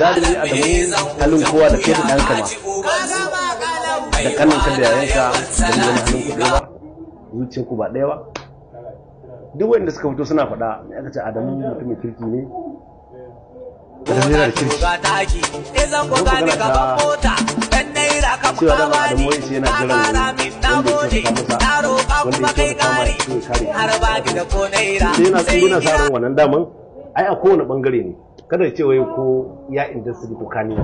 galibin adamu halin kowa da kai da ɗanka ma da kanin ka da yayanka da wani halin ku ɗaya ba zuciyar ku ba ɗaya ba duk wanda suka fito suna faɗa ne aka ce adamu mutumin kirki ne adamu yana da kirki don ka gana ta cewa dama adamu wai yana jiran wani wanda ya ce kyauta masa wanda ya ce kyauta kama ya kyauta kare shi yana sun gina sa ran wannan daman ai a kowane ɓangare ne kada ce wai ko ya industry ko kani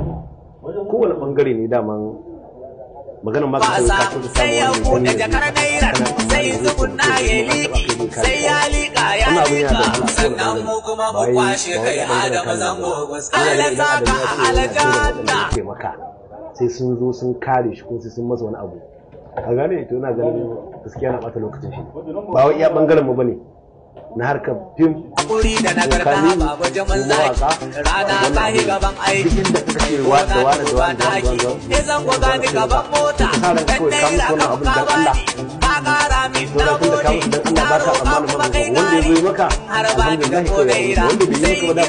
kowane bangare ne daman magana ma ka samu sai ya da jakar ira sai zubun na ya liki sai ya lika ya liƙa sannan mu kuma mu kwashe kai adama zango gogus alaza ka maka, sai sun zo sun kare shi ko sai sun masa wani abu a gane to yana ganin gaskiya na bata lokacin shi ba wai iya bangaren mu bane na harkar fim hakuri da na gargara baba jaman zaki rana ta yi gaban aiki wata ne eh, zan gaban mota ka kara min na gode roƙa kuma kai gari har ba ni ga ko naira sai ina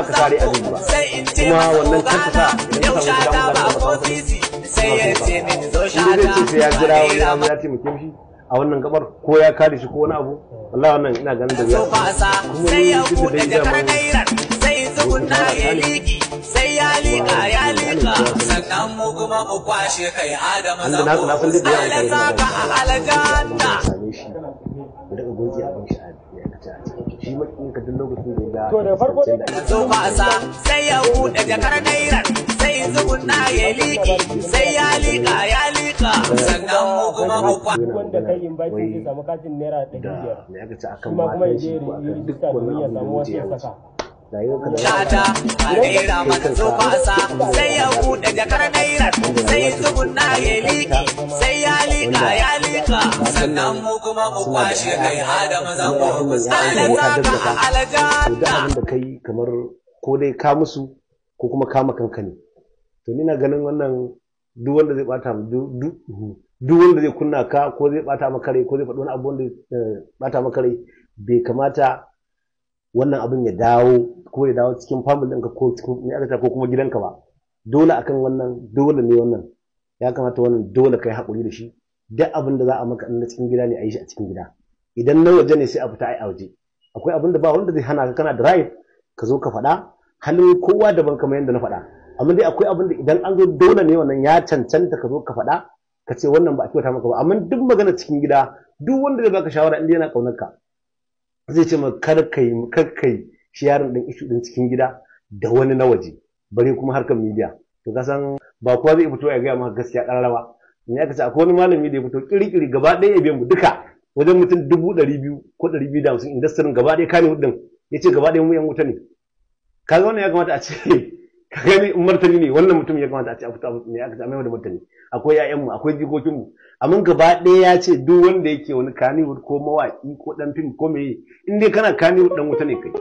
a sai in ce masa yau shata ba ko sisi sai ya ce min zo shata ba naira a wannan gabar ko ya kare shi ko wani abu wallahi wannan ina ganin da ya sai ya bude jakar gairar sai zugunna ya liki sai ya lika ya lika sannan mu kuma mu kwashe kai adama za mu alaka ka alajanna daga goge abin shi ka da ya to da farko da zo sai ya bude jakar sai ya liki sai ya lika ya lika sannan wanda kai invite zai samu katin naira ɗari biyar kuma kuma ya je rijista domin ya samu wasu ya saka Shata a naira mata zo fasa sai ya buɗe jakar naira, sai zugunna ya liƙi sai ya liƙa ya liƙa sannan mu kuma mu kwashe kai hada mazan mu alajata a alajata. Da kai kamar ko dai ka musu ko kuma kama kanka ne. To ni na ganin wannan duk wanda zai bata duk mhm. duk wanda zai kunna ka ko zai bata maka rai ko zai faɗi wani abu wanda eh, bata maka rai bai kamata wannan abin ya dawo ko ya dawo cikin family ɗinka ko cikin ne aka ko kuma gidanka ba dole akan wannan dole ne wannan ya kamata wannan dole kai haƙuri da shi duk abin da za a maka na cikin gida ne a yi shi a cikin gida idan na waje ne sai a fita a waje akwai abin da ba wanda zai hana ka kana da right ka zo ka faɗa halin kowa daban kamar yadda na faɗa amma dai akwai abin da idan an zo dole ne wannan ya cancanta ka zo ka faɗa ka ce wannan ba a kyauta maka ba amma duk magana cikin gida duk wanda zai baka shawara inda yana kaunar ka zai ce maka kar kai kar kai shi yaron din ishu din cikin gida da wani na waje bare kuma harkar media to ka san ba kowa zai fito ya gaya maka gaskiya kararrawa in ya kace akwai wani malami da ya fito kirikiri gaba ɗaya ya biya mu duka wajen mutum dubu ɗari biyu ko ɗari biyu da hamsin indastirin gaba ɗaya kane hudun ya ce gaba ɗaya mu yan wuta ne kaga wannan ya kamata a ce ka gani martani ne wannan mutum ya kamata a ce a fita ne aka ce mai da martani akwai ƴaƴanmu akwai jikokinmu amma gaba ɗaya ya ce duk wanda yake wani kaniwood ko mawaƙi ko ɗan fim ko meye in dai kana kaniwood ɗan wuta ne kai